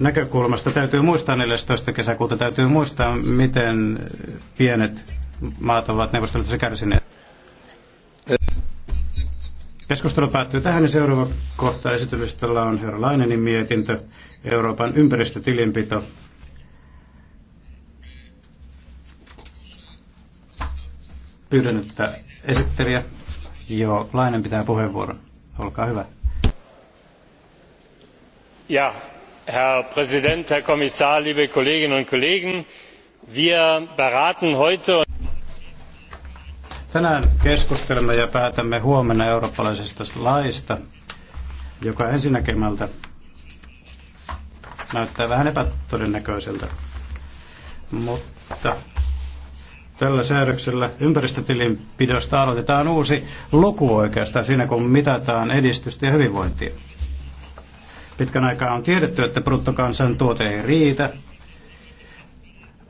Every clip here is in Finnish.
näkökulmasta täytyy muistaa 14. kesäkuuta, täytyy muistaa, miten pienet maat ovat neuvostoliitossa kärsineet. Keskustelu päättyy tähän ja seuraava kohta esitylistalla on herra Lainenin mietintö, Euroopan ympäristötilinpito. Pyydän, että esittelijä jo Lainen pitää puheenvuoron. Olkaa hyvä. Ja, herr präsident herr kommissar liebe kolleginnen und kollegen! wir beraten heute tänään keskustelemme ja päätämme huomenna eurooppalaisesta laista joka ensinäkemältä näyttää vähän epätodennäköiseltä mutta tällä säädöksellä ympäristötilinpidosta aloitetaan uusi luku oikeastaan siinä kun mitataan edistystä ja hyvinvointia. Pitkän aikaa on tiedetty, että bruttokansantuote ei riitä.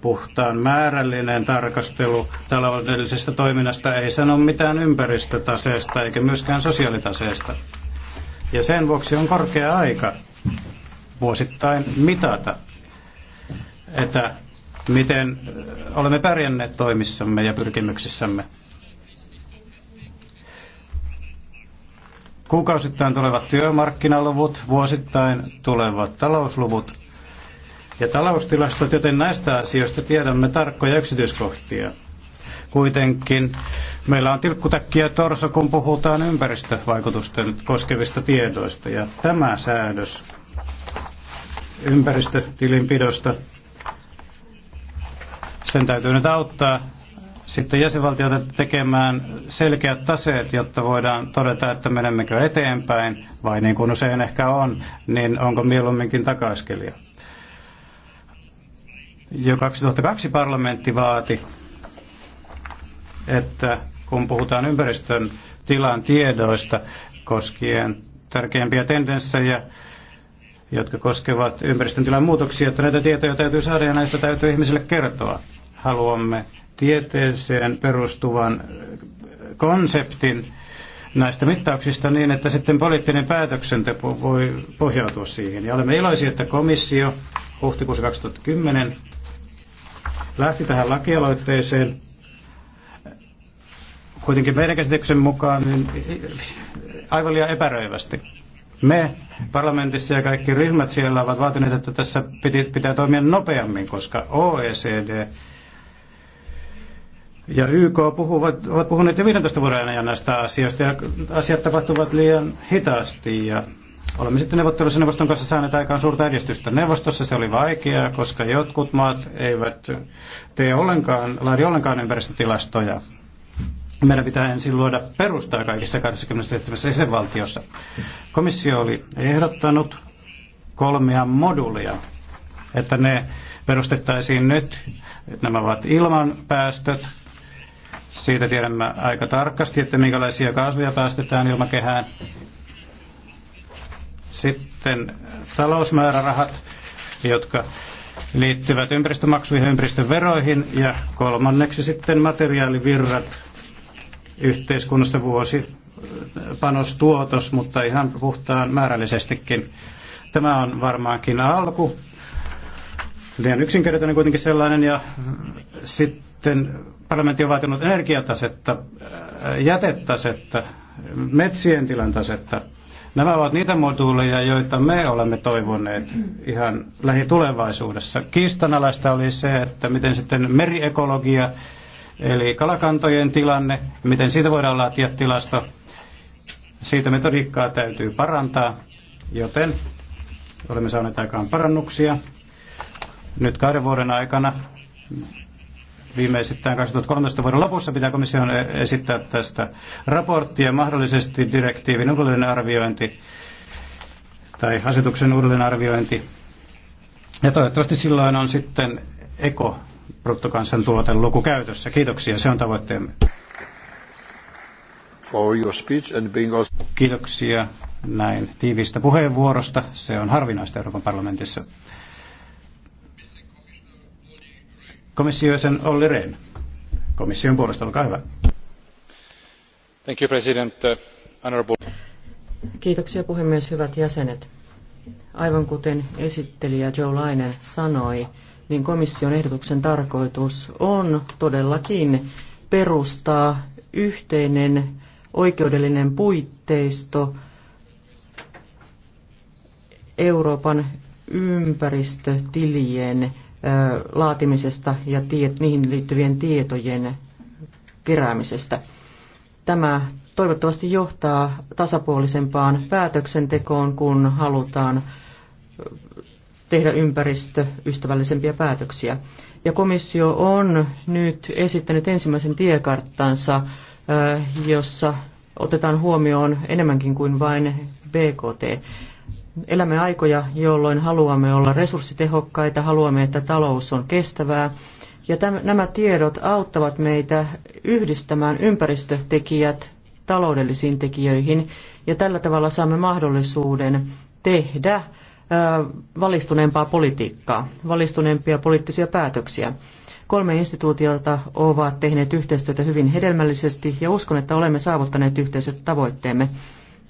Puhtaan määrällinen tarkastelu taloudellisesta toiminnasta ei sano mitään ympäristötaseesta eikä myöskään sosiaalitaseesta. Ja sen vuoksi on korkea aika vuosittain mitata, että miten olemme pärjänneet toimissamme ja pyrkimyksissämme. Kuukausittain tulevat työmarkkinaluvut, vuosittain tulevat talousluvut ja taloustilastot, joten näistä asioista tiedämme tarkkoja yksityiskohtia. Kuitenkin meillä on tilkkutäkkiä torso, kun puhutaan ympäristövaikutusten koskevista tiedoista. Ja tämä säädös ympäristötilinpidosta, sen täytyy nyt auttaa sitten jäsenvaltioita tekemään selkeät taseet, jotta voidaan todeta, että menemmekö eteenpäin, vai niin kuin usein ehkä on, niin onko mieluumminkin takaiskelija. Jo 2002 parlamentti vaati, että kun puhutaan ympäristön tilan tiedoista koskien tärkeimpiä tendenssejä, jotka koskevat ympäristön tilan muutoksia, että näitä tietoja täytyy saada ja näistä täytyy ihmisille kertoa. Haluamme tieteeseen perustuvan konseptin näistä mittauksista niin, että sitten poliittinen päätöksenteko voi pohjautua siihen. Ja olemme iloisia, että komissio huhtikuussa 2010 lähti tähän lakialoitteeseen. Kuitenkin meidän käsityksen mukaan niin aivan liian epäröivästi. Me parlamentissa ja kaikki ryhmät siellä ovat vaatineet, että tässä pitää toimia nopeammin, koska OECD ja YK puhuvat, ovat puhuneet jo 15 vuoden ajan näistä asioista ja asiat tapahtuvat liian hitaasti ja olemme sitten neuvottelussa neuvoston kanssa saaneet aikaan suurta edistystä. Neuvostossa se oli vaikeaa, koska jotkut maat eivät tee ollenkaan, laadi ollenkaan ympäristötilastoja. Meidän pitää ensin luoda perustaa kaikissa 27 jäsenvaltiossa. Komissio oli ehdottanut kolmea modulia, että ne perustettaisiin nyt. Nämä ovat ilmanpäästöt, siitä tiedämme aika tarkasti, että minkälaisia kaasuja päästetään ilmakehään. Sitten talousmäärärahat, jotka liittyvät ympäristömaksuihin ja ympäristöveroihin. Ja kolmanneksi sitten materiaalivirrat yhteiskunnassa vuosi panos tuotos, mutta ihan puhtaan määrällisestikin. Tämä on varmaankin alku liian yksinkertainen kuitenkin sellainen. Ja sitten parlamentti on vaatinut energiatasetta, äh, jätetasetta, metsien tilantasetta. Nämä ovat niitä moduuleja, joita me olemme toivoneet ihan lähitulevaisuudessa. Kiistanalaista oli se, että miten sitten meriekologia, eli kalakantojen tilanne, miten siitä voidaan laatia tilasto. Siitä metodiikkaa täytyy parantaa, joten olemme saaneet aikaan parannuksia. Nyt kahden vuoden aikana, viimeisittäin 2013 vuoden lopussa, pitää komission e- esittää tästä raporttia, mahdollisesti direktiivin arviointi tai asetuksen arviointi. Ja toivottavasti silloin on sitten eko luku käytössä. Kiitoksia, se on tavoitteemme. For your speech and being also... Kiitoksia näin tiiviistä puheenvuorosta. Se on harvinaista Euroopan parlamentissa. komissiosen Olli Rehn. Komission puolesta, olkaa hyvä. Thank you, President. Honorable. Kiitoksia puhemies, hyvät jäsenet. Aivan kuten esittelijä Joe Lainen sanoi, niin komission ehdotuksen tarkoitus on todellakin perustaa yhteinen oikeudellinen puitteisto Euroopan ympäristötilien laatimisesta ja niihin liittyvien tietojen keräämisestä. Tämä toivottavasti johtaa tasapuolisempaan päätöksentekoon, kun halutaan tehdä ympäristöystävällisempiä päätöksiä. Ja komissio on nyt esittänyt ensimmäisen tiekarttansa, jossa otetaan huomioon enemmänkin kuin vain BKT. Elämme aikoja, jolloin haluamme olla resurssitehokkaita, haluamme, että talous on kestävää. Ja täm, nämä tiedot auttavat meitä yhdistämään ympäristötekijät taloudellisiin tekijöihin. Ja tällä tavalla saamme mahdollisuuden tehdä valistuneempaa politiikkaa, valistuneempia poliittisia päätöksiä. Kolme instituutiota ovat tehneet yhteistyötä hyvin hedelmällisesti ja uskon, että olemme saavuttaneet yhteiset tavoitteemme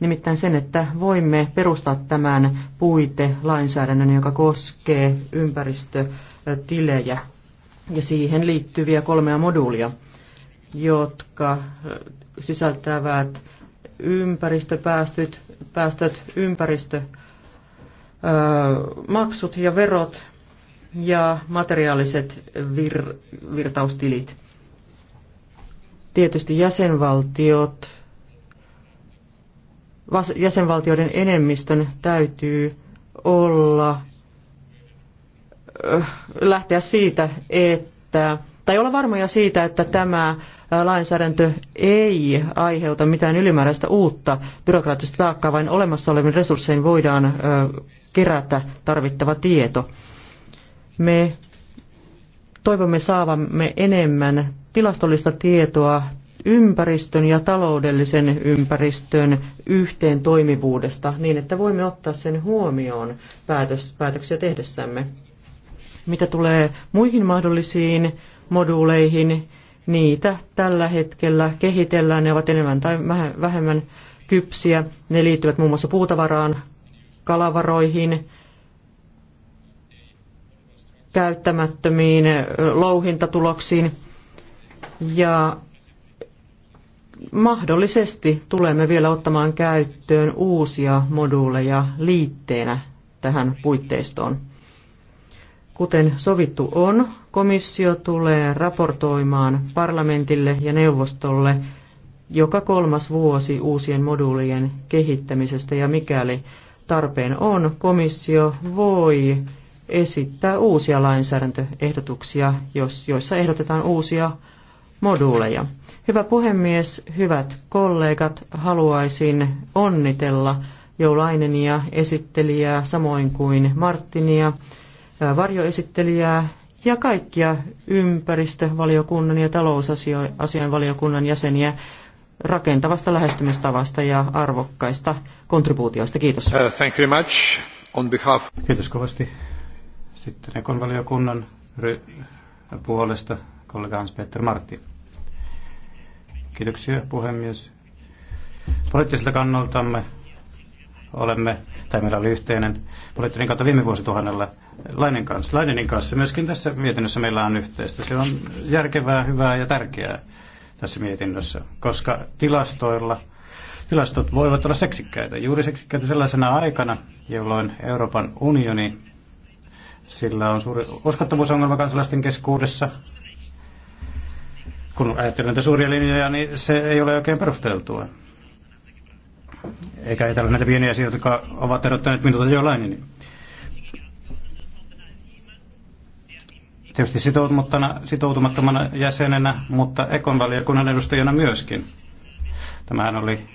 nimittäin sen, että voimme perustaa tämän puitelainsäädännön, joka koskee ympäristötilejä ja siihen liittyviä kolmea moduulia, jotka äh, sisältävät ympäristöpäästöt, päästöt, ympäristömaksut äh, ja verot ja materiaaliset vir, virtaustilit. Tietysti jäsenvaltiot jäsenvaltioiden enemmistön täytyy olla lähteä siitä, että tai olla varmoja siitä, että tämä lainsäädäntö ei aiheuta mitään ylimääräistä uutta byrokraattista taakkaa, vaan olemassa olevin resurssein voidaan kerätä tarvittava tieto. Me toivomme saavamme enemmän tilastollista tietoa ympäristön ja taloudellisen ympäristön yhteen toimivuudesta niin, että voimme ottaa sen huomioon päätös, päätöksiä tehdessämme. Mitä tulee muihin mahdollisiin moduuleihin, niitä tällä hetkellä kehitellään. Ne ovat enemmän tai vähemmän kypsiä. Ne liittyvät muun muassa puutavaraan, kalavaroihin, käyttämättömiin louhintatuloksiin. Ja mahdollisesti tulemme vielä ottamaan käyttöön uusia moduuleja liitteenä tähän puitteistoon. Kuten sovittu on, komissio tulee raportoimaan parlamentille ja neuvostolle joka kolmas vuosi uusien moduulien kehittämisestä ja mikäli tarpeen on, komissio voi esittää uusia lainsäädäntöehdotuksia, jos, joissa ehdotetaan uusia moduuleja. Hyvä puhemies, hyvät kollegat, haluaisin onnitella Joulainenia esittelijää, samoin kuin Martinia, varjoesittelijää ja kaikkia ympäristövaliokunnan ja talousasianvaliokunnan jäseniä rakentavasta lähestymistavasta ja arvokkaista kontribuutioista. Kiitos. Uh, thank you very much. On behalf... Kiitos kovasti. Sitten Ekon valiokunnan puolesta kollega Hans-Peter Martti. Kiitoksia puhemies. Poliittiselta kannaltamme olemme, tai meillä oli yhteinen poliittinen kanta viime vuosituhannella Lainin kanssa. Laininin kanssa myöskin tässä mietinnössä meillä on yhteistä. Se on järkevää, hyvää ja tärkeää tässä mietinnössä, koska tilastoilla tilastot voivat olla seksikkäitä. Juuri seksikkäitä sellaisena aikana, jolloin Euroopan unioni, sillä on suuri uskottavuusongelma kansalaisten keskuudessa, kun ajattelen näitä suuria linjoja, niin se ei ole oikein perusteltua. Eikä ajatella näitä pieniä asioita, jotka ovat erottaneet minulta jollain. Niin tietysti sitoutumattomana, sitoutumattomana jäsenenä, mutta ekon valiokunnan edustajana myöskin. Tämähän oli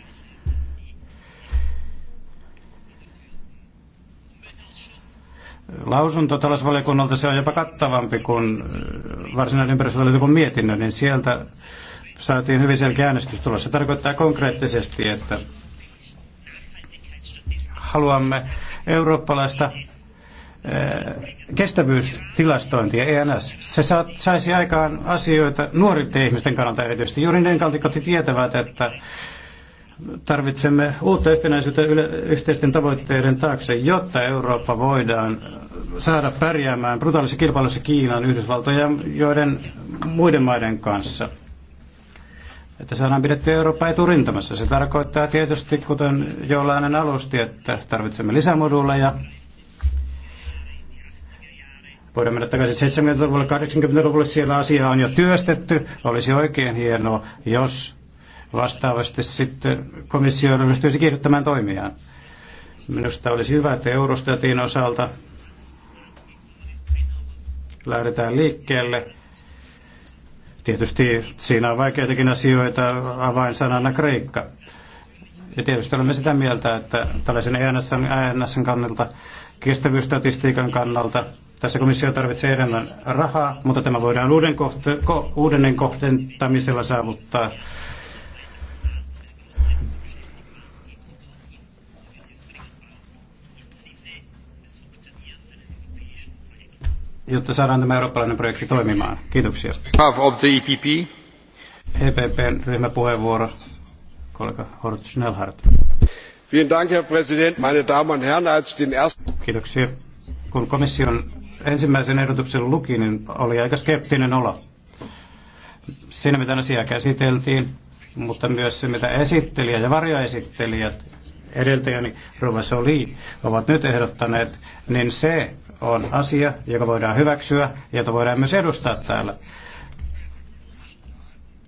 lausunto talousvaliokunnalta, se on jopa kattavampi kuin äh, varsinainen ympäristövaliokunnan mietinnö, niin sieltä saatiin hyvin selkeä äänestystulos. Se tarkoittaa konkreettisesti, että haluamme eurooppalaista äh, kestävyystilastointia, ENS, se saisi aikaan asioita nuorten ihmisten kannalta erityisesti. Juuri ne kaltikot tietävät, että tarvitsemme uutta yhtenäisyyttä yhteisten tavoitteiden taakse, jotta Eurooppa voidaan saada pärjäämään brutaalissa kilpailussa Kiinan, Yhdysvaltojen joiden muiden maiden kanssa. Että saadaan pidetty Eurooppa eturintamassa. Se tarkoittaa tietysti, kuten jollainen alusti, että tarvitsemme lisämoduuleja. Voidaan mennä takaisin 70-luvulle, 80-luvulle, siellä asiaa on jo työstetty. Olisi oikein hienoa, jos Vastaavasti sitten komissio ryhtyisi kiihdyttämään toimiaan. Minusta olisi hyvä, että Eurostatin osalta lähdetään liikkeelle. Tietysti siinä on vaikeitakin asioita, avainsanana Kreikka. Ja tietysti olemme sitä mieltä, että tällaisen ENS e kannalta, kestävyysstatistiikan kannalta, tässä komissio tarvitsee enemmän rahaa, mutta tämä voidaan uuden kohte, ko, uudelleen kohdentamisella saavuttaa jotta saadaan tämä eurooppalainen projekti toimimaan. Kiitoksia. Half of the EPP. EPPn ryhmäpuheenvuoro, kollega Horst Schnellhardt. Vielen Dank, Herr Präsident, meine Damen und Herren, als den ersten... Kiitoksia. Kun komission ensimmäisen ehdotuksen luki, niin oli aika skeptinen olo. Siinä, mitä asiaa käsiteltiin, mutta myös se, mitä esittelijä ja varjoesittelijät edeltäjäni Rouva Soli ovat nyt ehdottaneet, niin se on asia, joka voidaan hyväksyä ja jota voidaan myös edustaa täällä.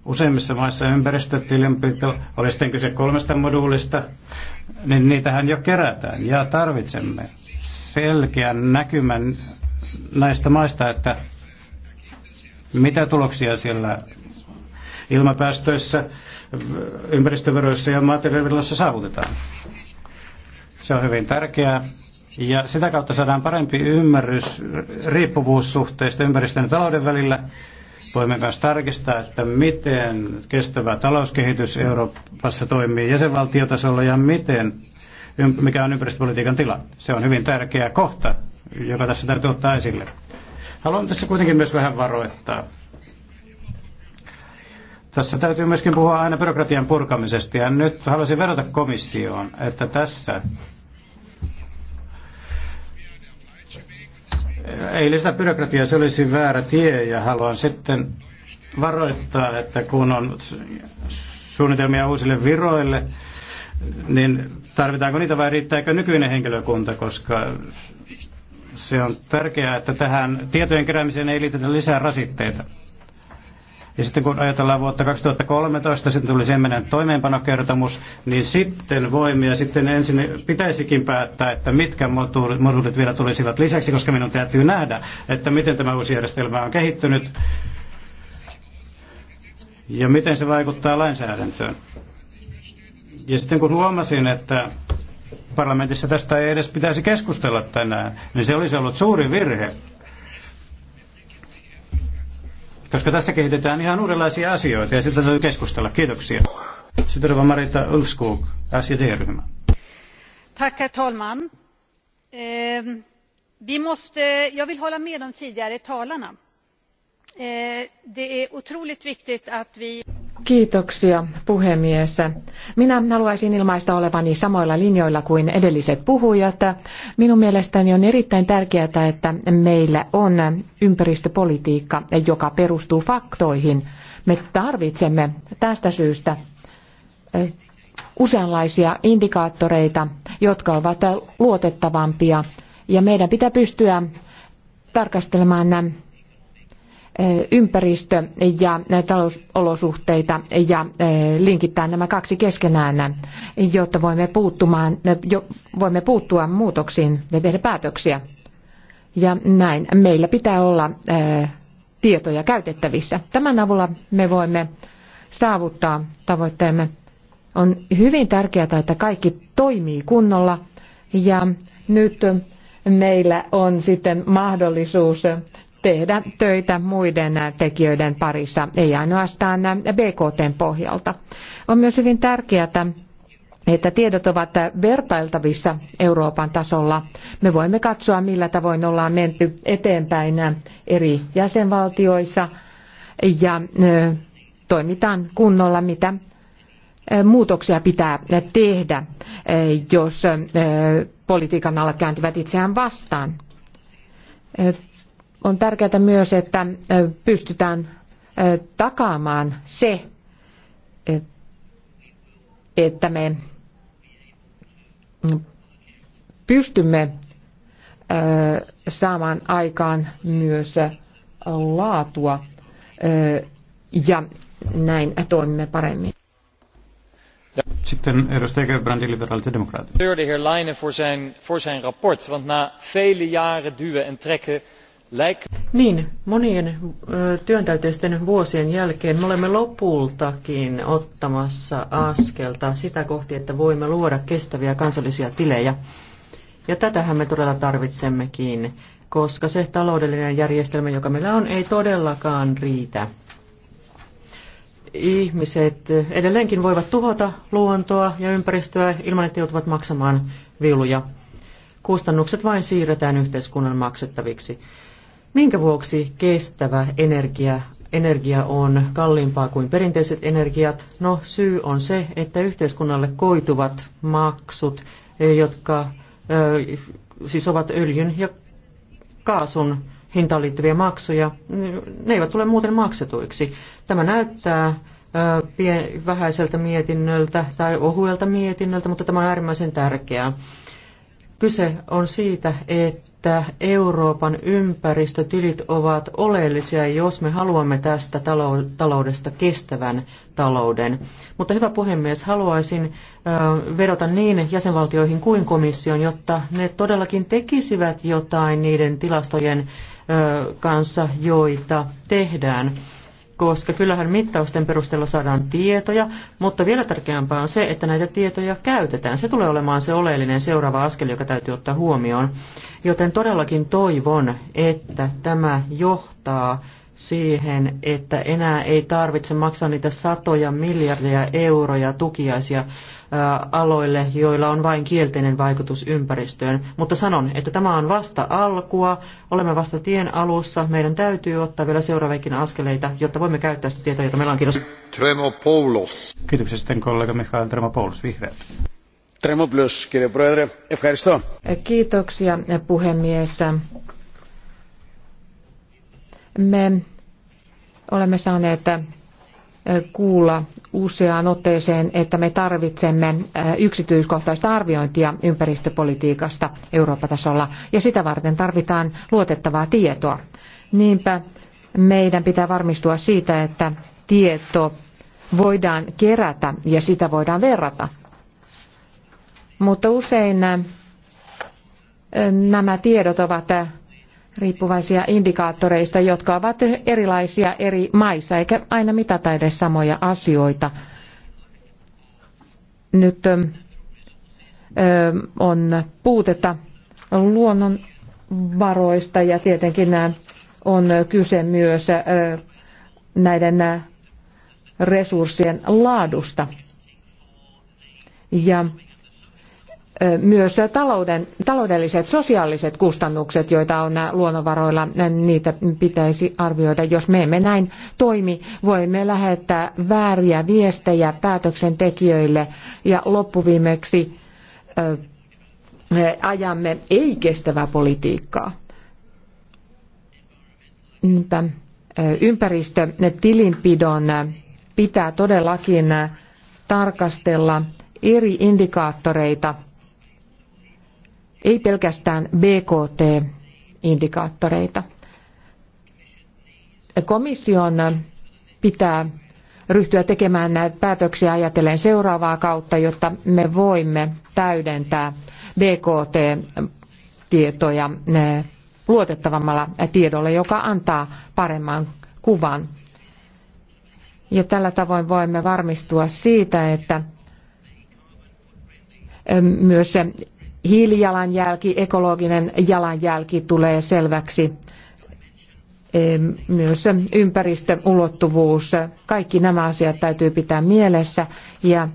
Useimmissa maissa ympäristötilinpito, oli sitten kyse kolmesta moduulista, niin niitähän jo kerätään ja tarvitsemme selkeän näkymän näistä maista, että mitä tuloksia siellä ilmapäästöissä, ympäristöveroissa ja materiaaliveroissa saavutetaan. Se on hyvin tärkeää. Ja sitä kautta saadaan parempi ymmärrys riippuvuussuhteista ympäristön ja talouden välillä. Voimme myös tarkistaa, että miten kestävä talouskehitys Euroopassa toimii jäsenvaltiotasolla ja miten, mikä on ympäristöpolitiikan tila. Se on hyvin tärkeä kohta, joka tässä täytyy ottaa esille. Haluan tässä kuitenkin myös vähän varoittaa. Tässä täytyy myöskin puhua aina byrokratian purkamisesta ja nyt haluaisin vedota komissioon, että tässä ei lisätä byrokratiaa, se olisi väärä tie ja haluan sitten varoittaa, että kun on suunnitelmia uusille viroille, niin tarvitaanko niitä vai riittääkö nykyinen henkilökunta, koska se on tärkeää, että tähän tietojen keräämiseen ei liitetä lisää rasitteita. Ja sitten kun ajatellaan vuotta 2013, sitten tuli semmoinen toimeenpanokertomus, niin sitten voimia sitten ensin pitäisikin päättää, että mitkä moduulit vielä tulisivat lisäksi, koska minun täytyy nähdä, että miten tämä uusi järjestelmä on kehittynyt ja miten se vaikuttaa lainsäädäntöön. Ja sitten kun huomasin, että parlamentissa tästä ei edes pitäisi keskustella tänään, niin se olisi ollut suuri virhe, koska tässä kehitetään ihan uudenlaisia asioita ja sitä täytyy keskustella. Kiitoksia. Sitten Rova Marita Ulfskog, SJD-ryhmä. Tack, herr talman. Eh, vi måste, jag vill hålla med de tidigare talarna. Eh, det är otroligt viktigt att vi Kiitoksia puhemies. Minä haluaisin ilmaista olevani samoilla linjoilla kuin edelliset puhujat. Minun mielestäni on erittäin tärkeää, että meillä on ympäristöpolitiikka, joka perustuu faktoihin. Me tarvitsemme tästä syystä eh, useanlaisia indikaattoreita, jotka ovat luotettavampia. Ja meidän pitää pystyä tarkastelemaan Eh, ympäristö- ja eh, talousolosuhteita ja eh, linkittää nämä kaksi keskenään, jotta voimme, puuttumaan, voimme puuttua muutoksiin ja tehdä päätöksiä. Ja näin meillä pitää olla tietoja käytettävissä. Tämän avulla me voimme saavuttaa tavoitteemme. On hyvin tärkeää, että kaikki toimii kunnolla ja nyt meillä on sitten mahdollisuus tehdä töitä muiden tekijöiden parissa, ei ainoastaan BKTn pohjalta. On myös hyvin tärkeää, että tiedot ovat vertailtavissa Euroopan tasolla. Me voimme katsoa, millä tavoin ollaan menty eteenpäin eri jäsenvaltioissa ja toimitaan kunnolla, mitä muutoksia pitää tehdä, jos politiikan alat kääntyvät itseään vastaan. On tärkeää myös, että pystytään takaamaan se, että me mm, pystymme saamaan aikaan myös laatua ja näin toimimme paremmin. Sitten edustaja Gerbrandi, liberaalit ja democraat. Leinen voor zijn, voor zijn rapport, want na vele jaren duwen en trekken niin, monien työntäyteisten vuosien jälkeen me olemme lopultakin ottamassa askelta sitä kohti, että voimme luoda kestäviä kansallisia tilejä. Ja tätähän me todella tarvitsemmekin, koska se taloudellinen järjestelmä, joka meillä on, ei todellakaan riitä. Ihmiset edelleenkin voivat tuhota luontoa ja ympäristöä ilman, että joutuvat maksamaan viuluja. Kustannukset vain siirretään yhteiskunnan maksettaviksi. Minkä vuoksi kestävä energia, energia on kalliimpaa kuin perinteiset energiat? No syy on se, että yhteiskunnalle koituvat maksut, eh, jotka eh, siis ovat öljyn ja kaasun hintaan liittyviä maksuja, mm, ne eivät tule muuten maksetuiksi. Tämä näyttää eh, vähäiseltä mietinnöltä tai ohuelta mietinnöltä, mutta tämä on äärimmäisen tärkeää. Kyse on siitä, että Euroopan ympäristötilit ovat oleellisia, jos me haluamme tästä taloudesta kestävän talouden. Mutta hyvä puhemies, haluaisin vedota niin jäsenvaltioihin kuin komission, jotta ne todellakin tekisivät jotain niiden tilastojen kanssa, joita tehdään koska kyllähän mittausten perusteella saadaan tietoja, mutta vielä tärkeämpää on se, että näitä tietoja käytetään. Se tulee olemaan se oleellinen seuraava askel, joka täytyy ottaa huomioon. Joten todellakin toivon, että tämä johtaa siihen, että enää ei tarvitse maksaa niitä satoja miljardeja euroja tukiaisia aloille, joilla on vain kielteinen vaikutus ympäristöön. Mutta sanon, että tämä on vasta alkua, olemme vasta tien alussa, meidän täytyy ottaa vielä seuraavikin askeleita, jotta voimme käyttää sitä tietoa, jota meillä on. Kiitos. Tremopoulos. Kiitoksia sitten kollega Mikael Tremopoulos, vihreät. Tremopoulos, kirja proedre. Ευχαριστώ. Kiitoksia puhemies. Me olemme saaneet kuulla useaan otteeseen, että me tarvitsemme yksityiskohtaista arviointia ympäristöpolitiikasta Eurooppa-tasolla, ja sitä varten tarvitaan luotettavaa tietoa. Niinpä meidän pitää varmistua siitä, että tieto voidaan kerätä ja sitä voidaan verrata. Mutta usein nämä tiedot ovat riippuvaisia indikaattoreista, jotka ovat erilaisia eri maissa, eikä aina mitata edes samoja asioita. Nyt on puutetta luonnonvaroista ja tietenkin on kyse myös näiden resurssien laadusta. Ja myös talouden, taloudelliset sosiaaliset kustannukset, joita on luonnonvaroilla, niitä pitäisi arvioida. Jos me emme näin toimi, voimme lähettää vääriä viestejä päätöksentekijöille ja loppuviimeksi ajamme ei-kestävää politiikkaa. ympäristötilinpidon pitää todellakin tarkastella eri indikaattoreita – ei pelkästään BKT-indikaattoreita. Komission pitää ryhtyä tekemään näitä päätöksiä ajatellen seuraavaa kautta, jotta me voimme täydentää BKT-tietoja luotettavammalla tiedolla, joka antaa paremman kuvan. Ja tällä tavoin voimme varmistua siitä, että myös hiilijalanjälki, ekologinen jalanjälki tulee selväksi myös ympäristöulottuvuus. Kaikki nämä asiat täytyy pitää mielessä ja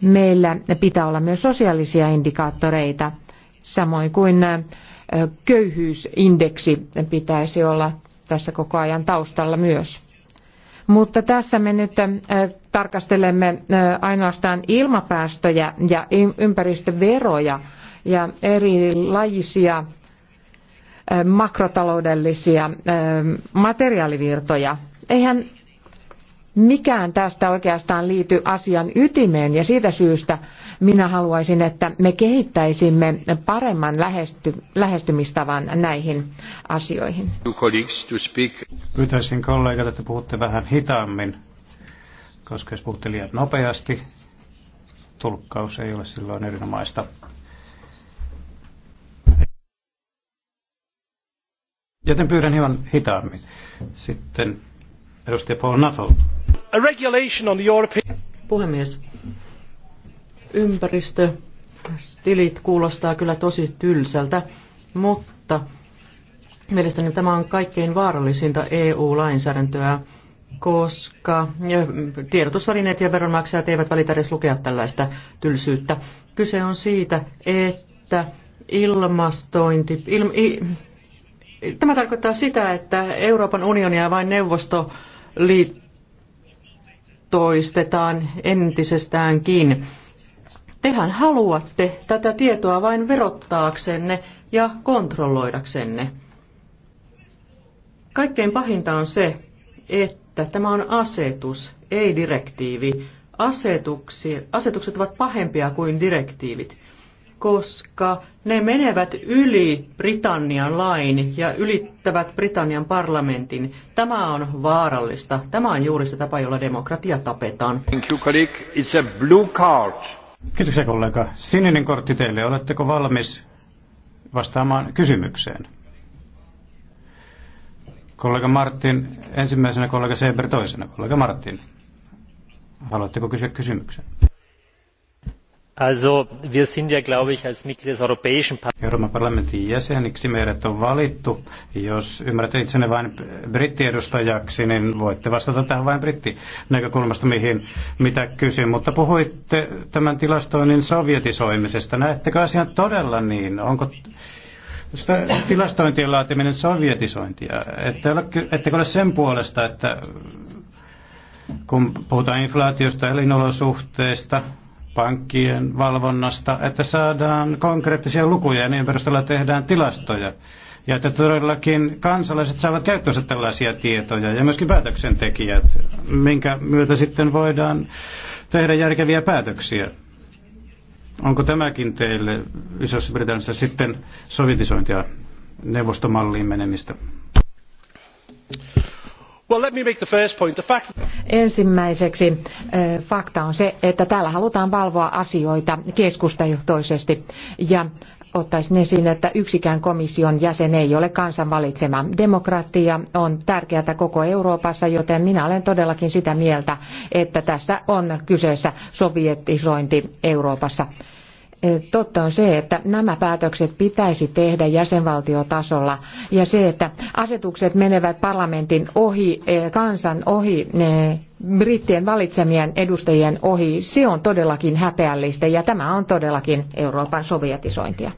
meillä pitää olla myös sosiaalisia indikaattoreita, samoin kuin köyhyysindeksi pitäisi olla tässä koko ajan taustalla myös. Mutta tässä me nyt tarkastelemme ainoastaan ilmapäästöjä ja ympäristöveroja ja erilaisia makrotaloudellisia materiaalivirtoja. Eihän mikään tästä oikeastaan liity asian ytimeen ja siitä syystä minä haluaisin, että me kehittäisimme paremman lähestymistavan näihin asioihin. Pyytäisin kollegat, että puhutte vähän hitaammin, koska jos puhutte liian nopeasti, tulkkaus ei ole silloin erinomaista. Joten pyydän hieman hitaammin. Sitten edustaja Paul Nuttall. A regulation on the European... Puhemies, ympäristö, stilit kuulostaa kyllä tosi tylsältä, mutta mielestäni tämä on kaikkein vaarallisinta EU-lainsäädäntöä, koska tiedotusvälineet ja veronmaksajat eivät välitä edes lukea tällaista tylsyyttä. Kyse on siitä, että ilmastointi, il, Tämä tarkoittaa sitä, että Euroopan unionia vain neuvosto liittoistetaan entisestäänkin. Tehän haluatte tätä tietoa vain verottaaksenne ja kontrolloidaksenne. Kaikkein pahinta on se, että tämä on asetus, ei direktiivi. asetukset ovat pahempia kuin direktiivit koska ne menevät yli Britannian lain ja ylittävät Britannian parlamentin. Tämä on vaarallista. Tämä on juuri se tapa, jolla demokratia tapetaan. Thank you, colleague. It's a blue card. Kiitoksia kollega. Sininen kortti teille. Oletteko valmis vastaamaan kysymykseen? Kollega Martin ensimmäisenä, kollega Seber toisena. Kollega Martin, haluatteko kysyä kysymyksen? Also, wir sind ja, glaube ich, als Mitglied des Europäischen Euroopan parlamentin jäseniksi meidät on valittu. Jos ymmärrätte itsenne vain brittiedustajaksi, niin voitte vastata tähän vain brittinäkökulmasta, mihin mitä kysyn. Mutta puhuitte tämän tilastoinnin sovjetisoimisesta. Näettekö asian todella niin? Onko sitä tilastointien laatiminen sovjetisointia? Ette ole, ettekö ole sen puolesta, että kun puhutaan inflaatiosta, elinolosuhteista, pankkien valvonnasta, että saadaan konkreettisia lukuja ja niin perusteella tehdään tilastoja. Ja että todellakin kansalaiset saavat käyttöönsä tällaisia tietoja ja myöskin päätöksentekijät, minkä myötä sitten voidaan tehdä järkeviä päätöksiä. Onko tämäkin teille Isossa Britanniassa sitten sovitisointia neuvostomalliin menemistä? Well, let me make the first point. The fact... Ensimmäiseksi fakta on se, että täällä halutaan valvoa asioita keskustajohtoisesti ja ottaisin esiin, että yksikään komission jäsen ei ole kansan valitsema. Demokratia on tärkeää koko Euroopassa, joten minä olen todellakin sitä mieltä, että tässä on kyseessä sovietisointi Euroopassa. E, totta on se, että nämä päätökset pitäisi tehdä jäsenvaltiotasolla ja se, että asetukset menevät parlamentin ohi, e, kansan ohi, e, brittien valitsemien edustajien ohi, se on todellakin häpeällistä ja tämä on todellakin Euroopan sovietisointia.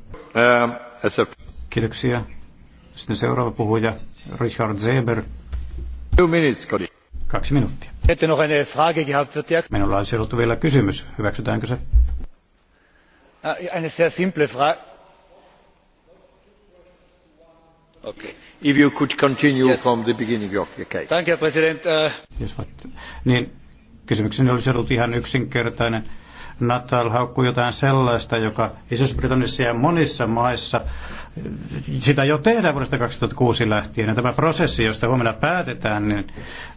Kiitoksia. Sitten seuraava puhuja, Richard Zeber. Kaksi minuuttia. Minulla on vielä kysymys. Hyväksytäänkö se? Ah, eine sehr simple frage äh, niin, kysymykseni olisi ollut ihan yksinkertainen. Natal haukkui jotain sellaista, joka isossa britanniassa ja monissa maissa sitä jo tehdään vuodesta 2006 lähtien. Ja tämä prosessi, josta huomenna päätetään, niin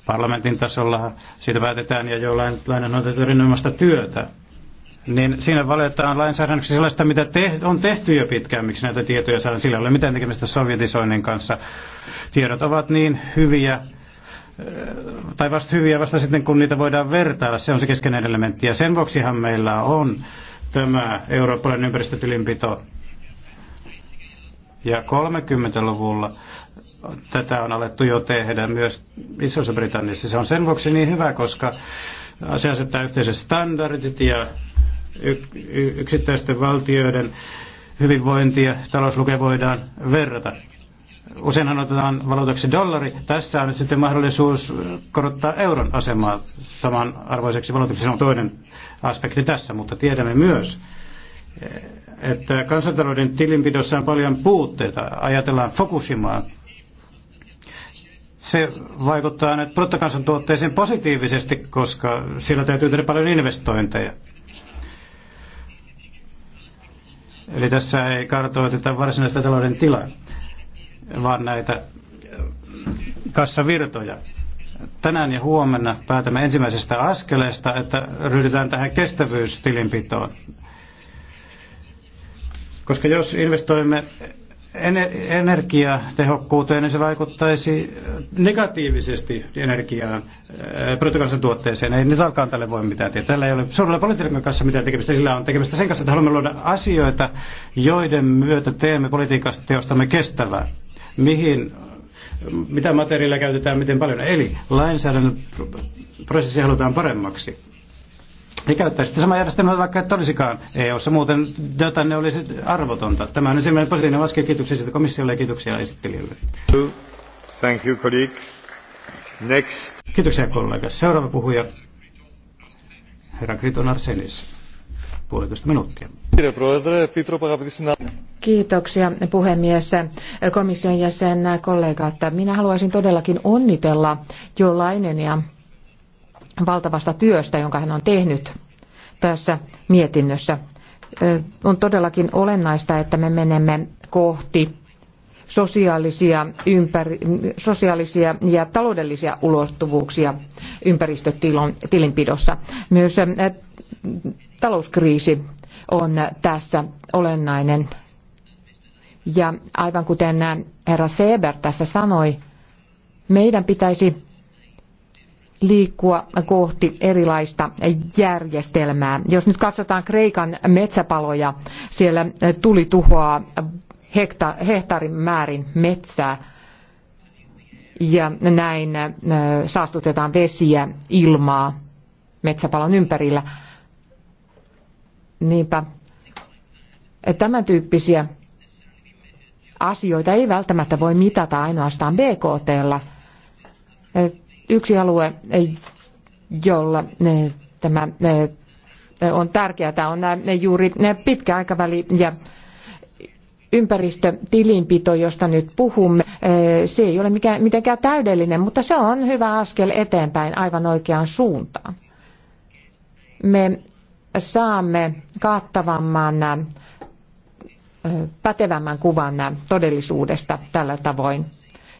parlamentin tasolla siitä päätetään ja jollain on tehty erinomaista työtä niin siinä valitetaan lainsäädännöksi sellaista, mitä te- on tehty jo pitkään, miksi näitä tietoja saadaan. Sillä ei ole mitään tekemistä sovjetisoinnin kanssa. Tiedot ovat niin hyviä, äh, tai vasta hyviä vasta sitten, kun niitä voidaan vertailla. Se on se keskeinen elementti. Ja sen vuoksihan meillä on tämä eurooppalainen ympäristötilinpito. Ja 30-luvulla tätä on alettu jo tehdä myös Isossa Britanniassa. Se on sen vuoksi niin hyvä, koska se asettaa yhteiset standardit ja yksittäisten valtioiden ja talousluke voidaan verrata. Useinhan otetaan valuutaksi dollari. Tässä on nyt sitten mahdollisuus korottaa euron asemaa samanarvoiseksi valuutaksi. Se on toinen aspekti tässä, mutta tiedämme myös, että kansantalouden tilinpidossa on paljon puutteita. Ajatellaan Fukushimaa. Se vaikuttaa nyt bruttokansantuotteeseen positiivisesti, koska sillä täytyy tehdä paljon investointeja. Eli tässä ei kartoiteta varsinaista talouden tilaa, vaan näitä äh, kassavirtoja. Tänään ja huomenna päätämme ensimmäisestä askeleesta, että ryhdytään tähän kestävyystilinpitoon. Koska jos investoimme energiatehokkuuteen, niin se vaikuttaisi äh, negatiivisesti energiaan, äh, bruttokansantuotteeseen. Ei nyt alkaan tälle voi mitään tietää. Tällä ei ole suurella politiikan kanssa mitään tekemistä. Sillä on tekemistä sen kanssa, että haluamme luoda asioita, joiden myötä teemme politiikasta teostamme kestävää. Mihin mitä materiaalia käytetään, miten paljon. Eli lainsäädännön prosessi halutaan paremmaksi niin käyttäisitte samaa järjestelmää, vaikka et olisikaan EU-ssa. Muuten datanne olisi arvotonta. Tämä on ensimmäinen positiivinen askel. Kiitoksia siitä komissiolle ja kiitoksia esittelijälle. Thank you, colleague. Next. Kiitoksia kollega. Seuraava puhuja, herra Kriton Arsenis, puolitoista minuuttia. Kiitoksia puhemies, komission jäsen, kollegat. Minä haluaisin todellakin onnitella jollainen ja valtavasta työstä, jonka hän on tehnyt tässä mietinnössä. On todellakin olennaista, että me menemme kohti sosiaalisia, ympäri, sosiaalisia ja taloudellisia ulottuvuuksia ympäristötilinpidossa. Myös talouskriisi on tässä olennainen. Ja aivan kuten herra Seber tässä sanoi, meidän pitäisi liikkua kohti erilaista järjestelmää. Jos nyt katsotaan Kreikan metsäpaloja, siellä tuli tuhoaa hekta, hehtaarin määrin metsää ja näin äh, saastutetaan vesiä, ilmaa metsäpalon ympärillä. Niinpä tämän tyyppisiä asioita ei välttämättä voi mitata ainoastaan BKTllä äh, yksi alue, jolla eh, tämä eh, on tärkeää, tämä on eh, juuri pitkä aikaväli ja ympäristötilinpito, josta nyt puhumme, se ei ole mikään, mitenkään täydellinen, mutta se on hyvä askel eteenpäin aivan oikeaan suuntaan. Me saamme kattavamman, pätevämmän kuvan todellisuudesta tällä tavoin.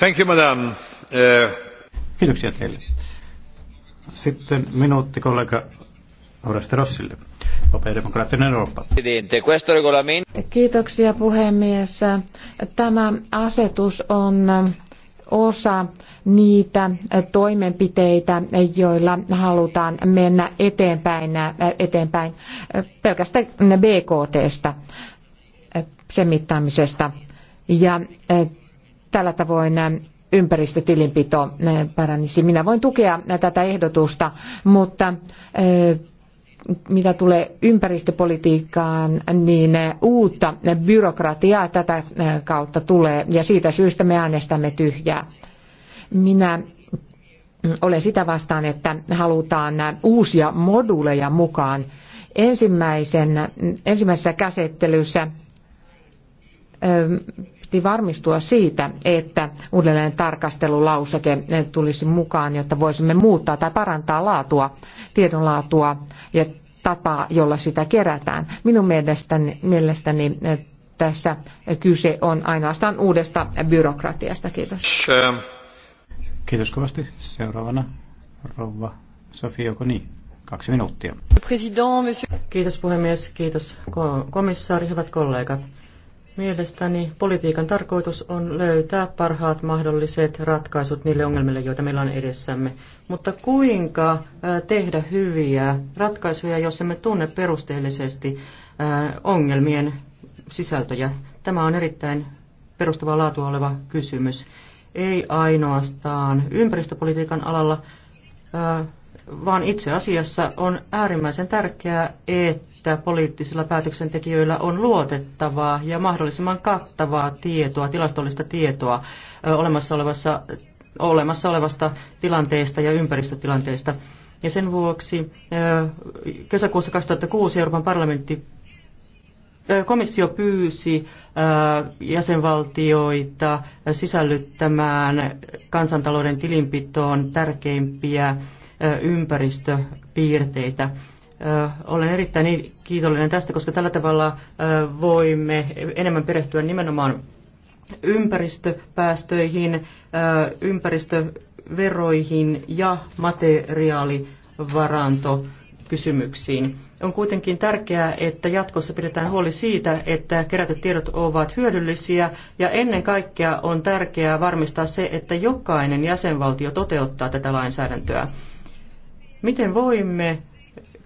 Thank you, madam. Uh, Kiitoksia teille. Sitten minuutti kollega Oreste Rossille. Vapaa-demokraattinen Eurooppa. Kiitoksia puhemies. Tämä asetus on osa niitä toimenpiteitä, joilla halutaan mennä eteenpäin, eteenpäin pelkästään BKTstä, sen mittaamisesta. Ja Tällä tavoin ympäristötilinpito paranisi. Minä voin tukea tätä ehdotusta, mutta mitä tulee ympäristöpolitiikkaan, niin uutta byrokratiaa tätä kautta tulee ja siitä syystä me äänestämme tyhjää. Minä mm, olen sitä vastaan, että halutaan uusia moduuleja mukaan. Ensimmäisen, ensimmäisessä käsittelyssä piti varmistua siitä, että uudelleen tarkastelulauseke tulisi mukaan, jotta voisimme muuttaa tai parantaa laatua, tiedonlaatua ja tapaa, jolla sitä kerätään. Minun mielestäni, mielestäni eh, tässä kyse on ainoastaan uudesta byrokratiasta. Kiitos. Kiitos kovasti. Seuraavana rouva Sofia Koni. Kaksi minuuttia. Kiitos puhemies, kiitos komissaari, hyvät kollegat. Mielestäni politiikan tarkoitus on löytää parhaat mahdolliset ratkaisut niille ongelmille, joita meillä on edessämme. Mutta kuinka tehdä hyviä ratkaisuja, jos emme tunne perusteellisesti ongelmien sisältöjä? Tämä on erittäin perustavaa laatua oleva kysymys. Ei ainoastaan ympäristöpolitiikan alalla, vaan itse asiassa on äärimmäisen tärkeää, että että poliittisilla päätöksentekijöillä on luotettavaa ja mahdollisimman kattavaa tietoa, tilastollista tietoa olemassa, olevassa, olemassa olevasta tilanteesta ja ympäristötilanteesta. Ja sen vuoksi kesäkuussa 2006 Euroopan parlamentti komissio pyysi jäsenvaltioita sisällyttämään kansantalouden tilinpitoon tärkeimpiä ympäristöpiirteitä. Olen erittäin niin kiitollinen tästä, koska tällä tavalla voimme enemmän perehtyä nimenomaan ympäristöpäästöihin, ympäristöveroihin ja materiaalivaranto kysymyksiin. On kuitenkin tärkeää, että jatkossa pidetään huoli siitä, että kerätyt tiedot ovat hyödyllisiä ja ennen kaikkea on tärkeää varmistaa se, että jokainen jäsenvaltio toteuttaa tätä lainsäädäntöä. Miten voimme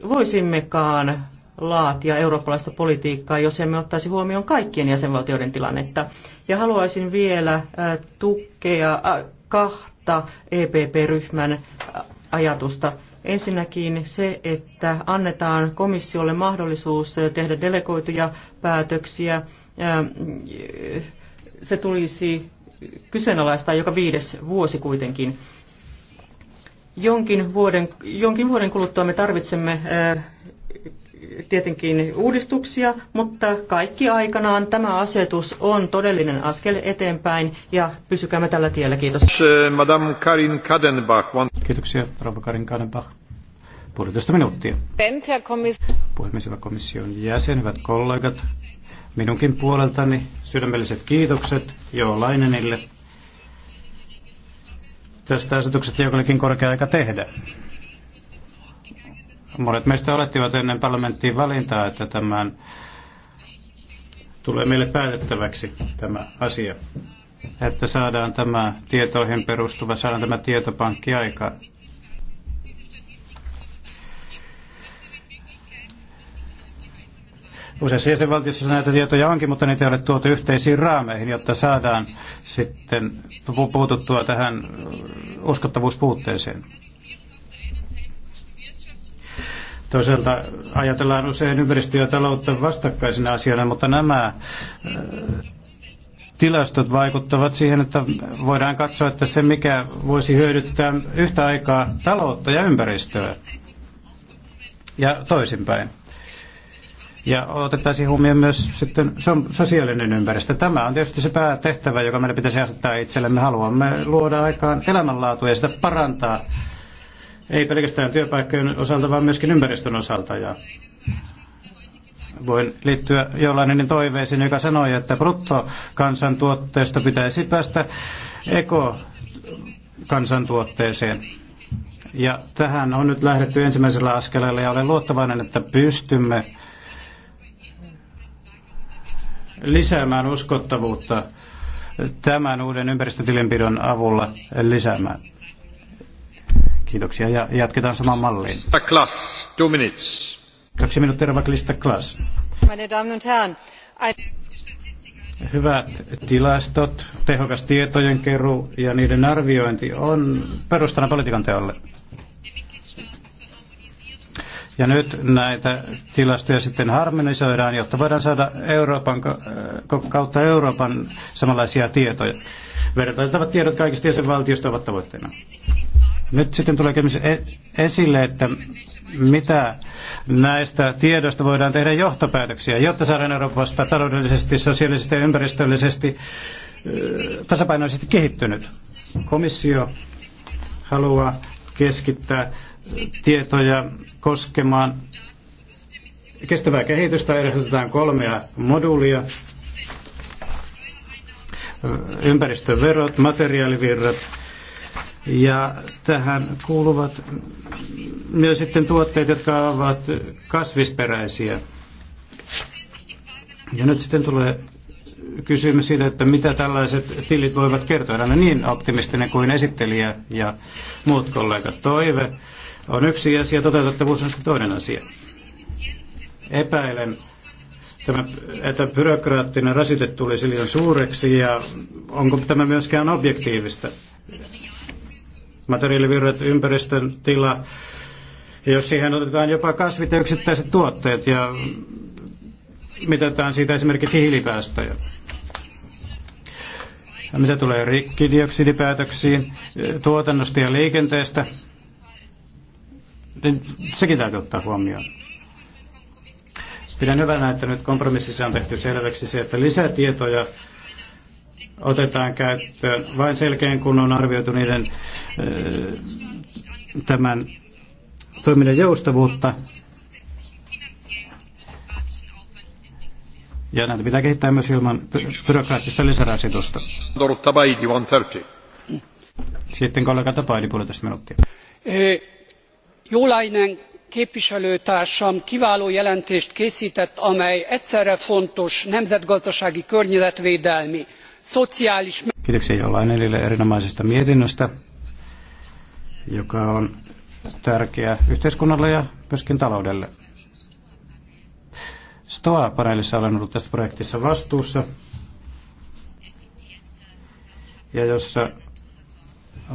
voisimmekaan laatia eurooppalaista politiikkaa, jos emme ottaisi huomioon kaikkien jäsenvaltioiden tilannetta. Ja haluaisin vielä äh, tukea äh, kahta EPP-ryhmän äh, ajatusta. Ensinnäkin se, että annetaan komissiolle mahdollisuus tehdä delegoituja päätöksiä. Se tulisi kyseenalaistaa joka viides vuosi kuitenkin. Jonkin vuoden, jonkin vuoden kuluttua me tarvitsemme tietenkin uudistuksia, mutta kaikki aikanaan tämä asetus on todellinen askel eteenpäin ja pysykäämme tällä tiellä. Kiitos. Madame Karin Kadenbach. Kiitoksia, rouva Karin Kadenbach. Puolitoista minuuttia. Puhemies, hyvä komission jäsen, hyvät kollegat. Minunkin puoleltani sydämelliset kiitokset Joo Lainenille tästä esityksestä jokin korkea aika tehdä. Monet meistä olettivat ennen parlamenttiin valintaa, että tämän tulee meille päätettäväksi tämä asia, että saadaan tämä tietoihin perustuva, saadaan tämä tietopankki aikaan Useissa jäsenvaltioissa näitä tietoja onkin, mutta niitä ei ole tuotu yhteisiin raameihin, jotta saadaan sitten puututtua tähän uskottavuuspuutteeseen. Toisaalta ajatellaan usein ympäristö- ja taloutta vastakkaisina asioina, mutta nämä äh, tilastot vaikuttavat siihen, että voidaan katsoa, että se mikä voisi hyödyttää yhtä aikaa taloutta ja ympäristöä ja toisinpäin ja otettaisiin huomioon myös sitten sosiaalinen ympäristö. Tämä on tietysti se päätehtävä, joka meidän pitäisi asettaa itsellemme. Haluamme luoda aikaan elämänlaatua ja sitä parantaa, ei pelkästään työpaikkojen osalta, vaan myöskin ympäristön osalta. Ja voin liittyä jollainen toiveisiin, joka sanoi, että bruttokansantuotteesta pitäisi päästä ekokansantuotteeseen. Ja tähän on nyt lähdetty ensimmäisellä askeleella ja olen luottavainen, että pystymme lisäämään uskottavuutta tämän uuden ympäristötilinpidon avulla lisäämään. Kiitoksia ja jatketaan samaan malliin. two minutes. Kaksi minuuttia, Ravaklista Klaas. Meine Hyvät tilastot, tehokas tietojen keruu ja niiden arviointi on perustana politiikan teolle. Ja nyt näitä tilastoja sitten harmonisoidaan, jotta voidaan saada Euroopan, kautta Euroopan samanlaisia tietoja. Vertailtavat tiedot kaikista jäsenvaltioista ovat tavoitteena. Nyt sitten tulee kysymys e- esille, että mitä näistä tiedoista voidaan tehdä johtopäätöksiä, jotta saadaan Euroopasta taloudellisesti, sosiaalisesti ja ympäristöllisesti tasapainoisesti kehittynyt. Komissio haluaa keskittää tietoja koskemaan kestävää kehitystä. Ehdotetaan kolmea moduulia. Ympäristöverot, materiaalivirrat ja tähän kuuluvat myös sitten tuotteet, jotka ovat kasvisperäisiä. Ja nyt sitten tulee kysymys siitä, että mitä tällaiset tilit voivat kertoa. Olen niin optimistinen kuin esittelijä ja muut kollegat. Toive on yksi asia, toteutettavuus on sitten toinen asia. Epäilen, tämä, että byrokraattinen rasite tulisi liian suureksi ja onko tämä myöskään objektiivista? Materiaalivirrat, ympäristön tila, jos siihen otetaan jopa kasvit ja yksittäiset tuotteet ja mitataan siitä esimerkiksi hiilipäästöjä. Mitä tulee rikkidioksidipäätöksiin tuotannosta ja liikenteestä, niin, sekin täytyy ottaa huomioon. Pidän hyvänä, että nyt kompromississa on tehty selväksi se, että lisätietoja otetaan käyttöön vain selkeän, kun on arvioitu niiden tämän toiminnan joustavuutta. Ja näitä pitää kehittää myös ilman byrokraattista lisärasitusta. Sitten kollega Tapaidi puolitoista minuuttia. Eh, jo leinen képviselőtársam kiváló jelentést késztett amely egyszerre fontos nemzetgazdasági környezetvédelmi szociális. Kiitoksia Jo Leinenille erinomaisesta mietinnöstä, joka on tärkeä yhteiskunnalle ja myöskin taloudelle. STOA-paneelissa olen ollut projektissa vastuussa ja jossa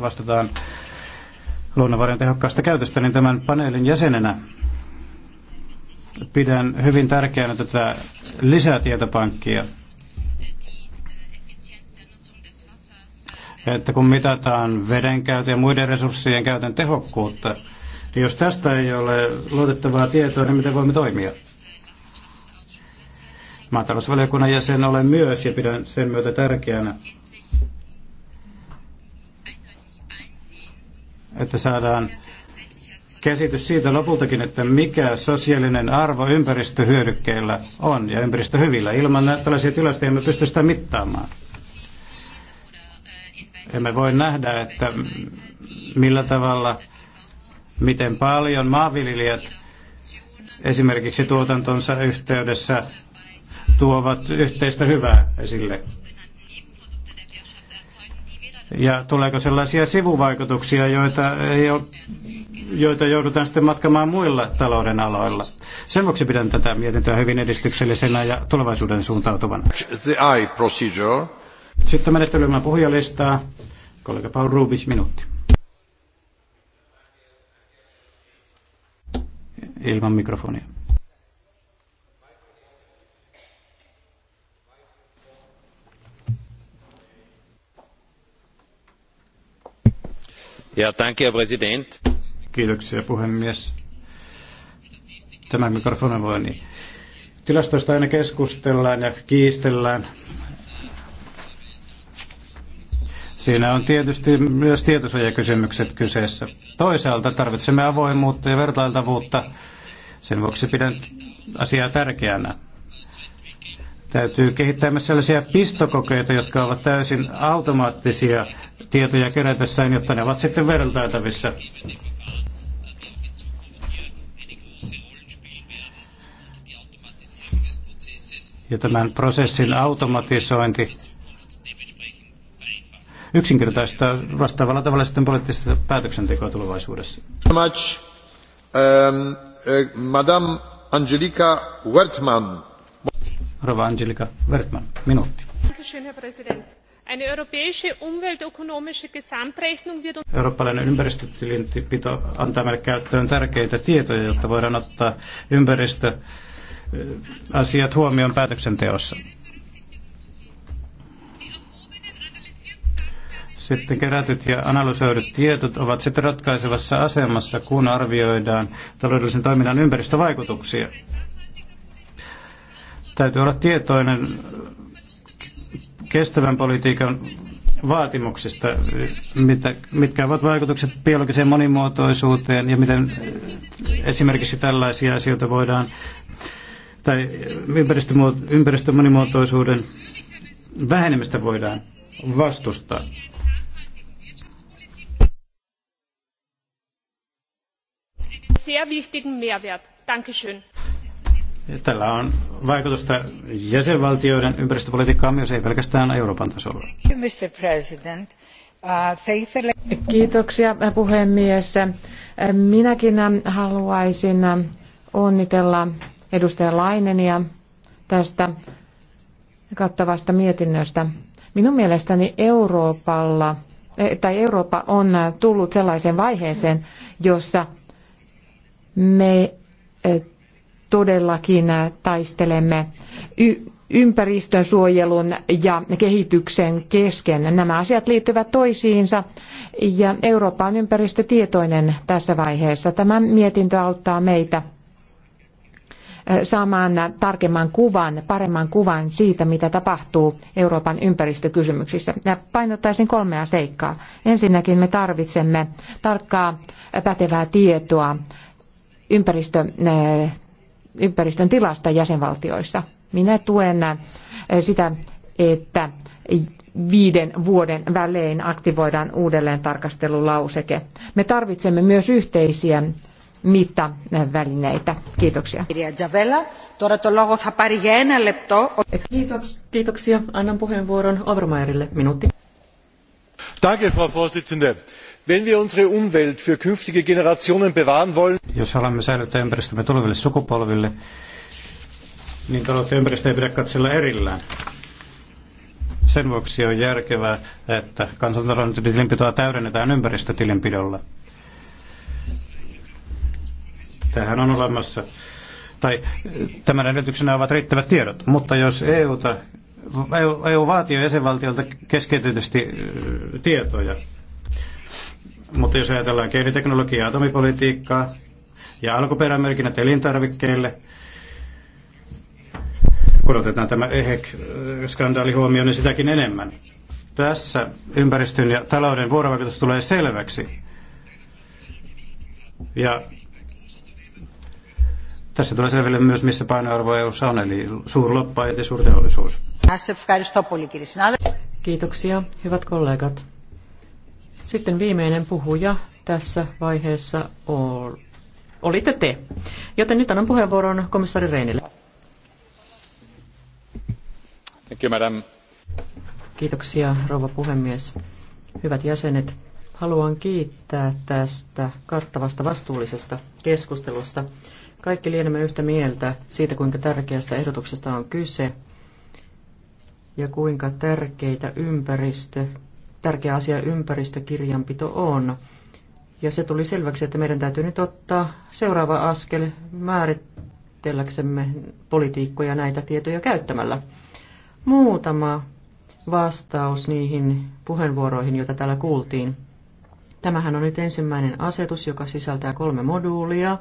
vastataan luonnonvarojen tehokkaasta käytöstä, niin tämän paneelin jäsenenä pidän hyvin tärkeänä tätä lisätietopankkia. Että kun mitataan veden käytön ja muiden resurssien käytön tehokkuutta, niin jos tästä ei ole luotettavaa tietoa, niin miten voimme toimia? Maatalousvaliokunnan jäsen olen myös ja pidän sen myötä tärkeänä, että saadaan käsitys siitä lopultakin, että mikä sosiaalinen arvo ympäristöhyödykkeillä on ja ympäristöhyvillä. Ilman näitä tällaisia tilastoja emme pysty sitä mittaamaan. Emme voi nähdä, että millä tavalla, miten paljon maanviljelijät esimerkiksi tuotantonsa yhteydessä tuovat yhteistä hyvää esille. Ja tuleeko sellaisia sivuvaikutuksia, joita, ei ole, joita joudutaan sitten matkamaan muilla talouden aloilla? Sen vuoksi pidän tätä mietintöä hyvin edistyksellisenä ja tulevaisuuden suuntautuvana. The eye procedure. Sitten menettelymään puhujalistaa. Kollega Paul Rubis, minuutti. Ilman mikrofonia. Ja, thank you, president. Kiitoksia puhemies. Tämä mikrofoni voi niin. Tilastoista aina keskustellaan ja kiistellään. Siinä on tietysti myös tietosuojakysymykset kyseessä. Toisaalta tarvitsemme avoimuutta ja vertailtavuutta. Sen vuoksi pidän asiaa tärkeänä. Täytyy kehittää myös sellaisia pistokokeita, jotka ovat täysin automaattisia tietoja kerätessään, jotta ne ovat sitten vertailtavissa. Ja tämän prosessin automatisointi yksinkertaistaa vastaavalla tavalla sitten poliittista päätöksentekoa tulevaisuudessa. Um, uh, Madame Angelika Wertmann. Rova Angelika Wertman, minuutti. Eine europäische umweltökonomische Gesamtrechnung wird Eurooppalainen ympäristötilinpito antaa meille käyttöön tärkeitä tietoja, jotta voidaan ottaa ympäristöasiat huomioon päätöksenteossa. Sitten kerätyt ja analysoidut tietot ovat sitten ratkaisevassa asemassa, kun arvioidaan taloudellisen toiminnan ympäristövaikutuksia. Täytyy olla tietoinen kestävän politiikan vaatimuksista, mitä, mitkä ovat vaikutukset biologiseen monimuotoisuuteen ja miten eh, esimerkiksi tällaisia asioita voidaan, tai ympäristön monimuotoisuuden vähenemistä voidaan vastustaa. Sehr wichtigen Mehrwert. Dankeschön. Tällä on vaikutusta jäsenvaltioiden ympäristöpolitiikkaan myös, ei pelkästään Euroopan tasolla. Uh, Kiitoksia puhemies. Minäkin haluaisin onnitella edustaja Lainenia tästä kattavasta mietinnöstä. Minun mielestäni Euroopalla eh, tai Eurooppa on tullut sellaiseen vaiheeseen, jossa me eh, todellakin taistelemme ympäristönsuojelun ja kehityksen kesken. Nämä asiat liittyvät toisiinsa ja Eurooppa on ympäristötietoinen tässä vaiheessa. Tämä mietintö auttaa meitä saamaan tarkemman kuvan, paremman kuvan siitä, mitä tapahtuu Euroopan ympäristökysymyksissä. Ja painottaisin kolmea seikkaa. Ensinnäkin me tarvitsemme tarkkaa pätevää tietoa ympäristö ympäristön tilasta jäsenvaltioissa. Minä tuen äh, sitä, että viiden vuoden välein aktivoidaan uudelleen tarkastelulauseke. Me tarvitsemme myös yhteisiä mittavälineitä. Kiitoksia. Kiitos, kiitoksia. Annan puheenvuoron Overmaerille. Minuutti. Danke, Frau Vorsitzende. Wenn wir unsere Umwelt für künftige Generationen bewahren wollen, jos haluamme säilyttää ympäristömme tuleville sukupolville, niin taloutta ja ympäristöä ei pidä katsella erillään. Sen vuoksi on järkevää, että kansantalouden tilinpitoa täydennetään ympäristötilinpidolla. Tähän on olemassa, tai tämän edellytyksenä ovat riittävät tiedot, mutta jos EUta, EU, EU vaatii jäsenvaltiolta keskeytetysti tietoja, mutta jos ajatellaan geeniteknologiaa, atomipolitiikkaa ja alkuperämerkinnät elintarvikkeille, kun otetaan tämä EHEC-skandaali huomioon, niin sitäkin enemmän. Tässä ympäristön ja talouden vuorovaikutus tulee selväksi. Ja tässä tulee selville myös, missä painoarvo EU e on, eli suurloppaajat ja suurteollisuus. Kiitoksia, hyvät kollegat. Sitten viimeinen puhuja tässä vaiheessa olitte te. Joten nyt annan puheenvuoron komissaari Reinille. Thank you, madam. Kiitoksia, rouva puhemies. Hyvät jäsenet, haluan kiittää tästä kattavasta vastuullisesta keskustelusta. Kaikki lienemme yhtä mieltä siitä, kuinka tärkeästä ehdotuksesta on kyse ja kuinka tärkeitä ympäristö, tärkeä asia ympäristökirjanpito on. Ja se tuli selväksi, että meidän täytyy nyt ottaa seuraava askel määritelläksemme politiikkoja näitä tietoja käyttämällä. Muutama vastaus niihin puheenvuoroihin, joita täällä kuultiin. Tämähän on nyt ensimmäinen asetus, joka sisältää kolme moduulia.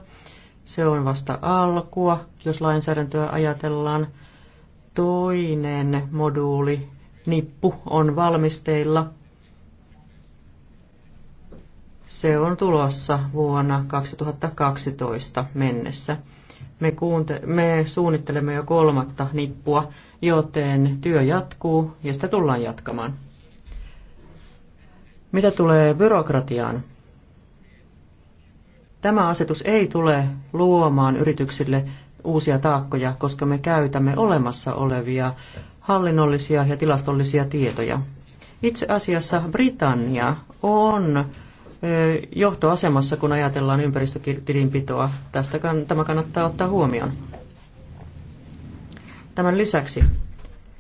Se on vasta alkua, jos lainsäädäntöä ajatellaan. Toinen moduuli, nippu, on valmisteilla. Se on tulossa vuonna 2012 mennessä. Me, kuunte- me suunnittelemme jo kolmatta nippua, joten työ jatkuu ja sitä tullaan jatkamaan. Mitä tulee byrokratiaan? Tämä asetus ei tule luomaan yrityksille uusia taakkoja, koska me käytämme olemassa olevia hallinnollisia ja tilastollisia tietoja. Itse asiassa Britannia on johtoasemassa, kun ajatellaan ympäristötilinpitoa. Tästä tämä kannattaa ottaa huomioon. Tämän lisäksi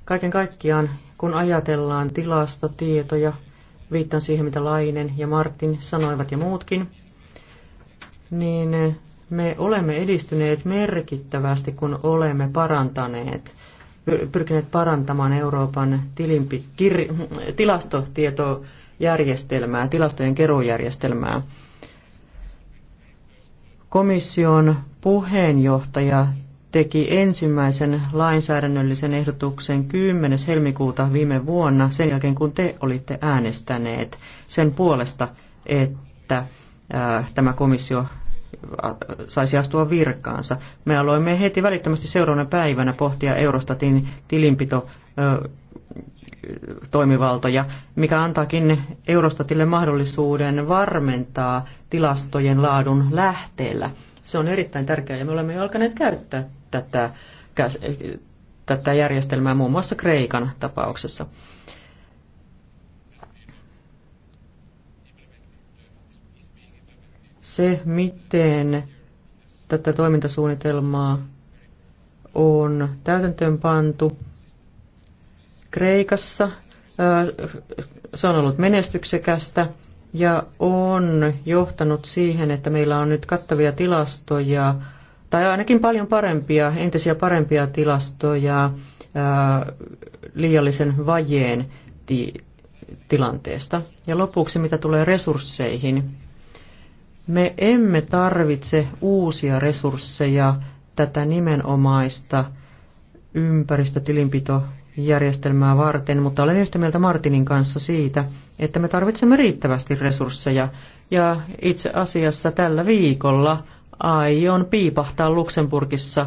kaiken kaikkiaan, kun ajatellaan tilastotietoja, viittaan siihen, mitä Lainen ja Martin sanoivat ja muutkin, niin me olemme edistyneet merkittävästi, kun olemme parantaneet, pyrkineet parantamaan Euroopan tilinpi, kir, tilastotietoa järjestelmää, tilastojen keruujärjestelmää. Komission puheenjohtaja teki ensimmäisen lainsäädännöllisen ehdotuksen 10. helmikuuta viime vuonna sen jälkeen, kun te olitte äänestäneet sen puolesta, että äh, tämä komissio äh, saisi astua virkaansa. Me aloimme heti välittömästi seuraavana päivänä pohtia Eurostatin tilinpito äh, toimivaltoja, mikä antaakin Eurostatille mahdollisuuden varmentaa tilastojen laadun lähteellä. Se on erittäin tärkeää ja me olemme jo alkaneet käyttää tätä, tätä järjestelmää muun muassa Kreikan tapauksessa. Se, miten tätä toimintasuunnitelmaa on täytäntöön pantu, Kreikassa. Se on ollut menestyksekästä ja on johtanut siihen, että meillä on nyt kattavia tilastoja, tai ainakin paljon parempia, entisiä parempia tilastoja liiallisen vajeen ti- tilanteesta. Ja lopuksi, mitä tulee resursseihin, me emme tarvitse uusia resursseja tätä nimenomaista ympäristötilinpito järjestelmää varten, mutta olen yhtä mieltä Martinin kanssa siitä, että me tarvitsemme riittävästi resursseja. Ja itse asiassa tällä viikolla aion piipahtaa Luxemburgissa,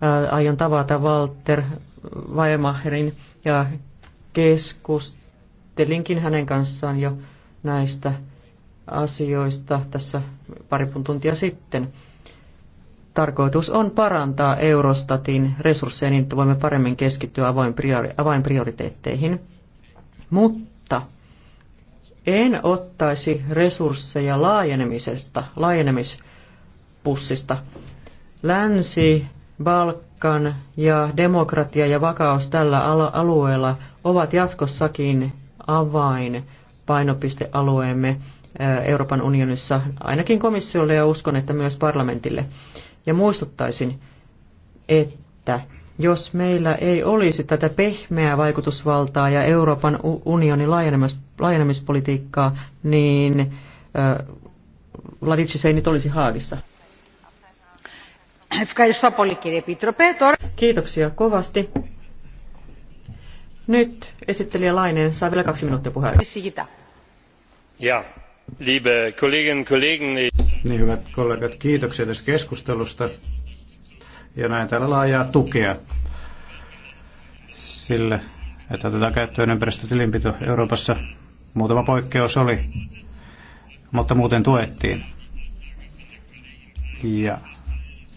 ää, aion tavata Walter Weimacherin ja keskustelinkin hänen kanssaan jo näistä asioista tässä pari tuntia sitten tarkoitus on parantaa Eurostatin resursseja niin, että voimme paremmin keskittyä avainprioriteetteihin. Mutta en ottaisi resursseja laajenemisesta, laajenemispussista. Länsi, Balkan ja demokratia ja vakaus tällä alueella ovat jatkossakin avain painopistealueemme Euroopan unionissa, ainakin komissiolle ja uskon, että myös parlamentille. Ja muistuttaisin, että jos meillä ei olisi tätä pehmeää vaikutusvaltaa ja Euroopan unionin laajenemis, laajenemispolitiikkaa, niin äh, Vladicis ei nyt olisi Haagissa. Kiitoksia kovasti. Nyt esittelijä Lainen saa vielä kaksi minuuttia puheenjohtaja. Ja, liebe Kolleginnen und Kollegen, niin hyvät kollegat, kiitoksia tästä keskustelusta ja näin täällä laajaa tukea sille, että otetaan käyttöön ympäristötilinpito Euroopassa. Muutama poikkeus oli, mutta muuten tuettiin. Ja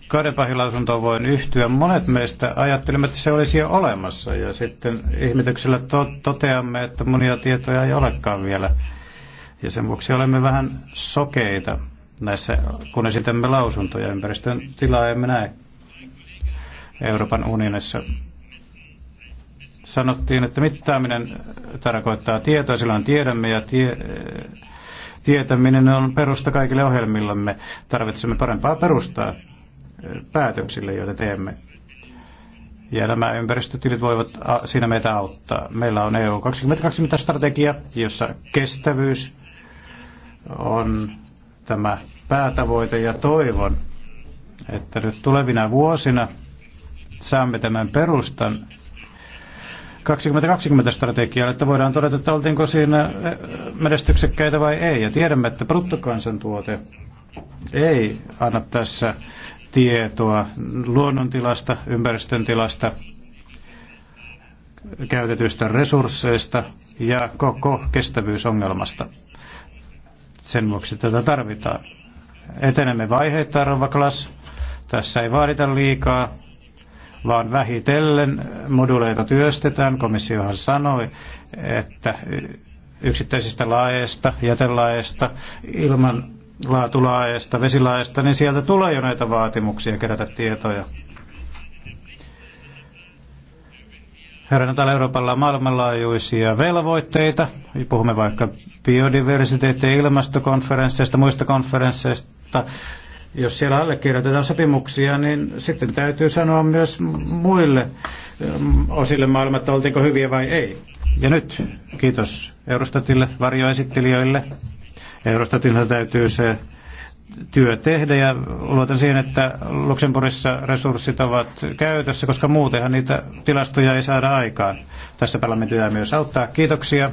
Kadepahin voin yhtyä. Monet meistä ajattelimme, että se olisi jo olemassa ja sitten ihmetyksellä to- toteamme, että monia tietoja ei olekaan vielä. Ja sen vuoksi olemme vähän sokeita näissä, kun esitämme lausuntoja. Ympäristön tilaa emme näe Euroopan unionissa. Sanottiin, että mittaaminen tarkoittaa tietoa, on tiedämme ja tie, tietäminen on perusta kaikille ohjelmillamme. Tarvitsemme parempaa perustaa päätöksille, joita teemme. Ja nämä ympäristötilit voivat siinä meitä auttaa. Meillä on EU 2020 strategia, jossa kestävyys on tämä päätavoite ja toivon, että nyt tulevina vuosina saamme tämän perustan 2020-strategialle, että voidaan todeta, että oltiinko siinä eh, menestyksekkäitä vai ei. Ja tiedämme, että bruttokansantuote ei anna tässä tietoa luonnontilasta, ympäristön tilasta, käytetyistä resursseista ja koko kestävyysongelmasta. Sen vuoksi tätä tarvitaan. Etenemme vaiheittain, Rova Tässä ei vaadita liikaa, vaan vähitellen moduleita työstetään. Komissiohan sanoi, että yksittäisistä laeista, jätelaeista, ilman laatulaeista, vesilaeista, niin sieltä tulee jo näitä vaatimuksia kerätä tietoja Herran täällä Euroopalla on maailmanlaajuisia velvoitteita. Puhumme vaikka biodiversiteetti- ja ilmastokonferensseista, muista konferensseista. Jos siellä allekirjoitetaan sopimuksia, niin sitten täytyy sanoa myös muille mm, osille maailmaa, että oltiinko hyviä vai ei. Ja nyt kiitos Eurostatille, varjoesittelijöille. Eurostatilta täytyy se työ tehdä ja luotan siihen, että Luxemburgissa resurssit ovat käytössä, koska muutenhan niitä tilastoja ei saada aikaan. Tässä parlamentti myös auttaa. Kiitoksia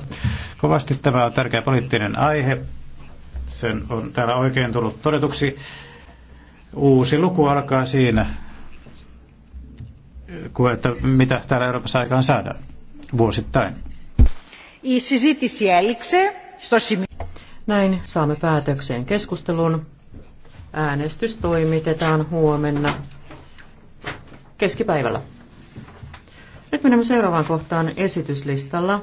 kovasti. Tämä on tärkeä poliittinen aihe. Sen on täällä oikein tullut todetuksi. Uusi luku alkaa siinä, että mitä täällä Euroopassa aikaan saadaan vuosittain. Näin saamme päätökseen keskustelun. Äänestys toimitetaan huomenna keskipäivällä. Nyt menemme seuraavaan kohtaan esityslistalla.